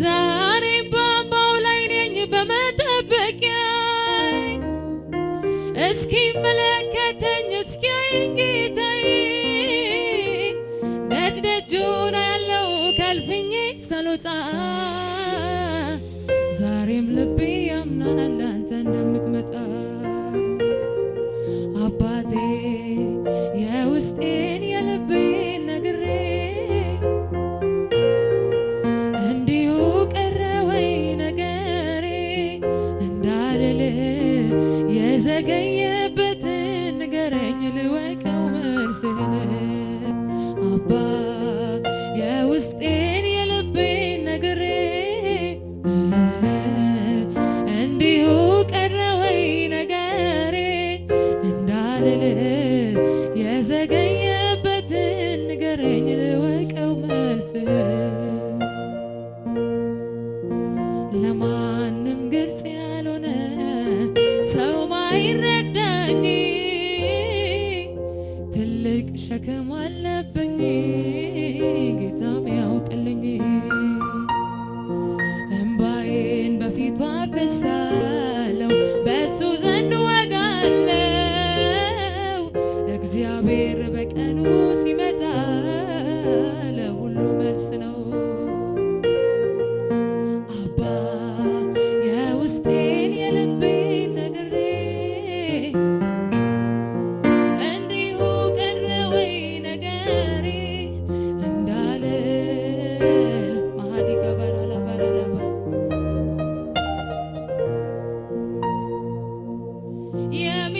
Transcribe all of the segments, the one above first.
ዛሬ በአምባው ላይ ነኝ በመጠበቂያ እስኪመለከተኝ እስኪያየኝ ጌታዬ ደጅ ደጁን ያለው ከልፍኜ ሳልወጣ ውስጤን የልቤን ነግሬ እንዲሁ ቀረ ወይ ነገሬ እንዳልል የዘገየበትን ንገረኝ ልወቀው መልስ ለማንም ግልጽ ያልሆነ ሰው ማይረዳኝ ትልቅ ሸክም አለብኝ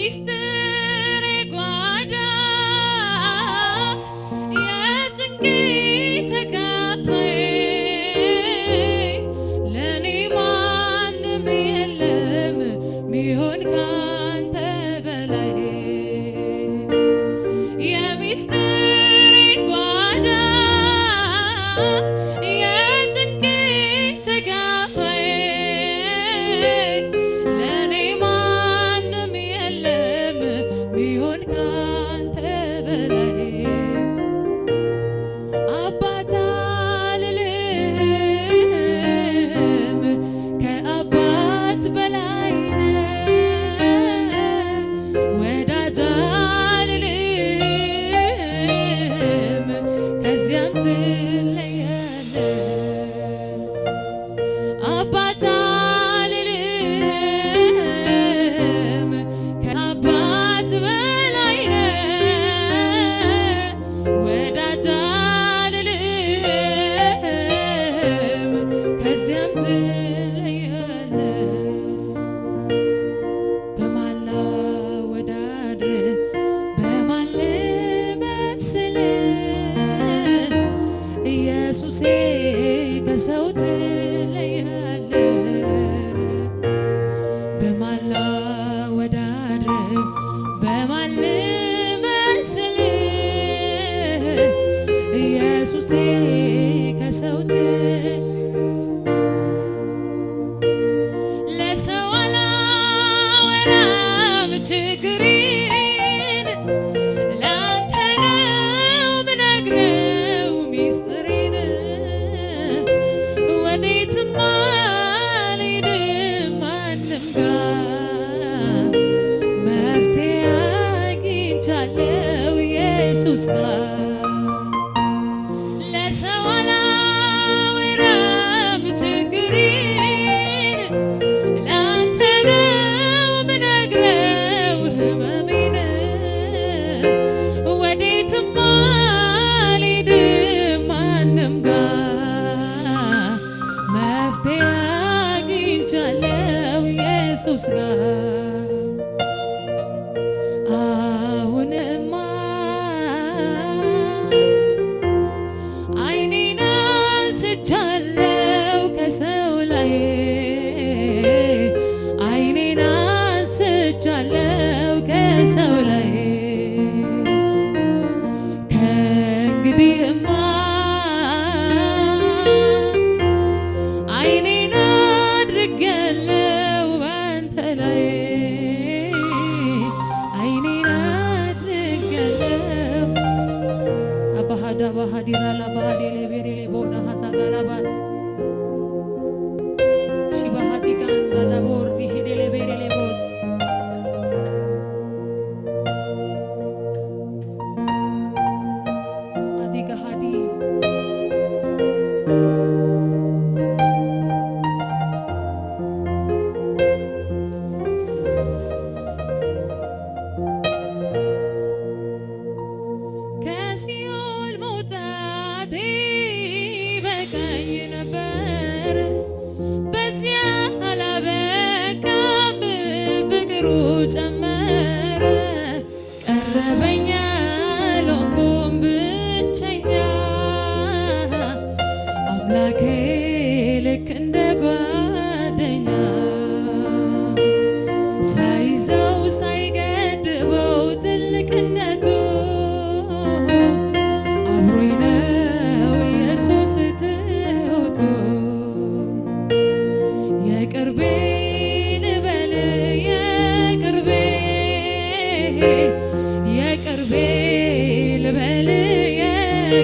Viste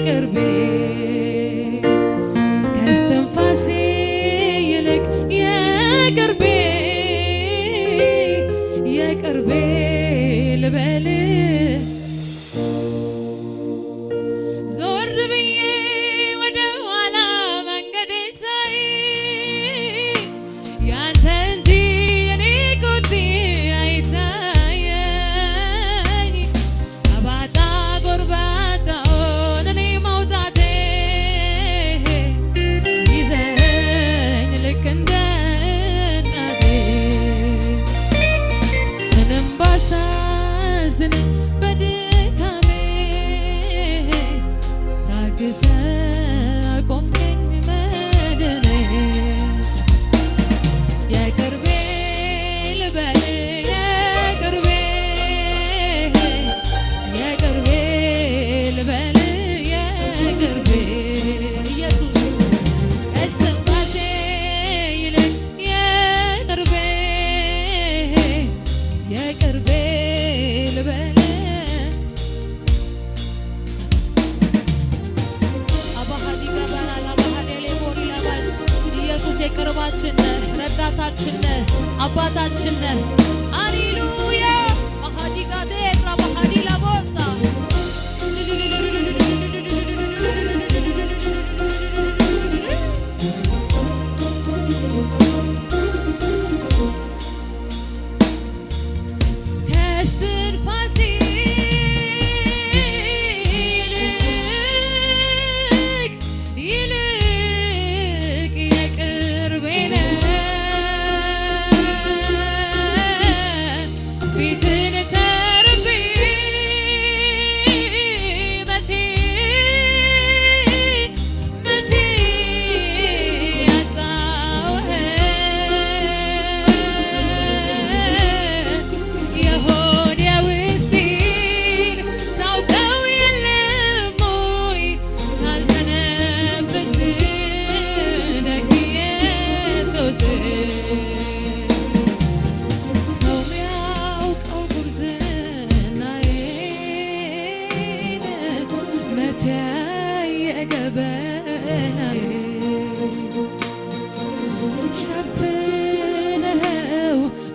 ከቅርቤ ከስትንፋሴ ይልቅ የቅርቤ የቅርቤ ልበል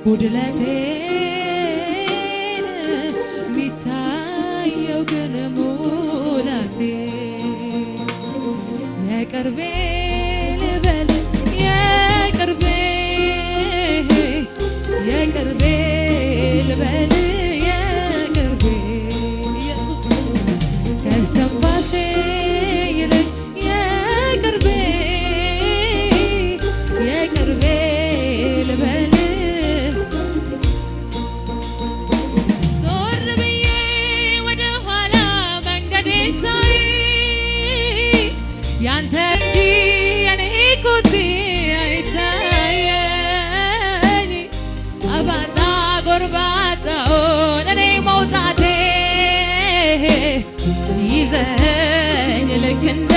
ጉድለቴን ሚታየው ግን ሙላቴ የቅርቤ ልበል የቅርቤ የቅርቤ ልበል አንተ እንጂ የኔ ቁጢ አይታየኝ አባጣ ጎርባጣውን እኔ መውጣቴ ይዘኝ ልክ እንደ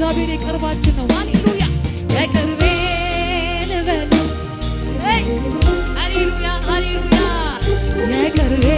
እግዚአብሔር የቅርባችን ነው። ሃሌሉያ የቅርቤ ልበልስ ሃሌሉያ ሃሌሉያ የቅርቤ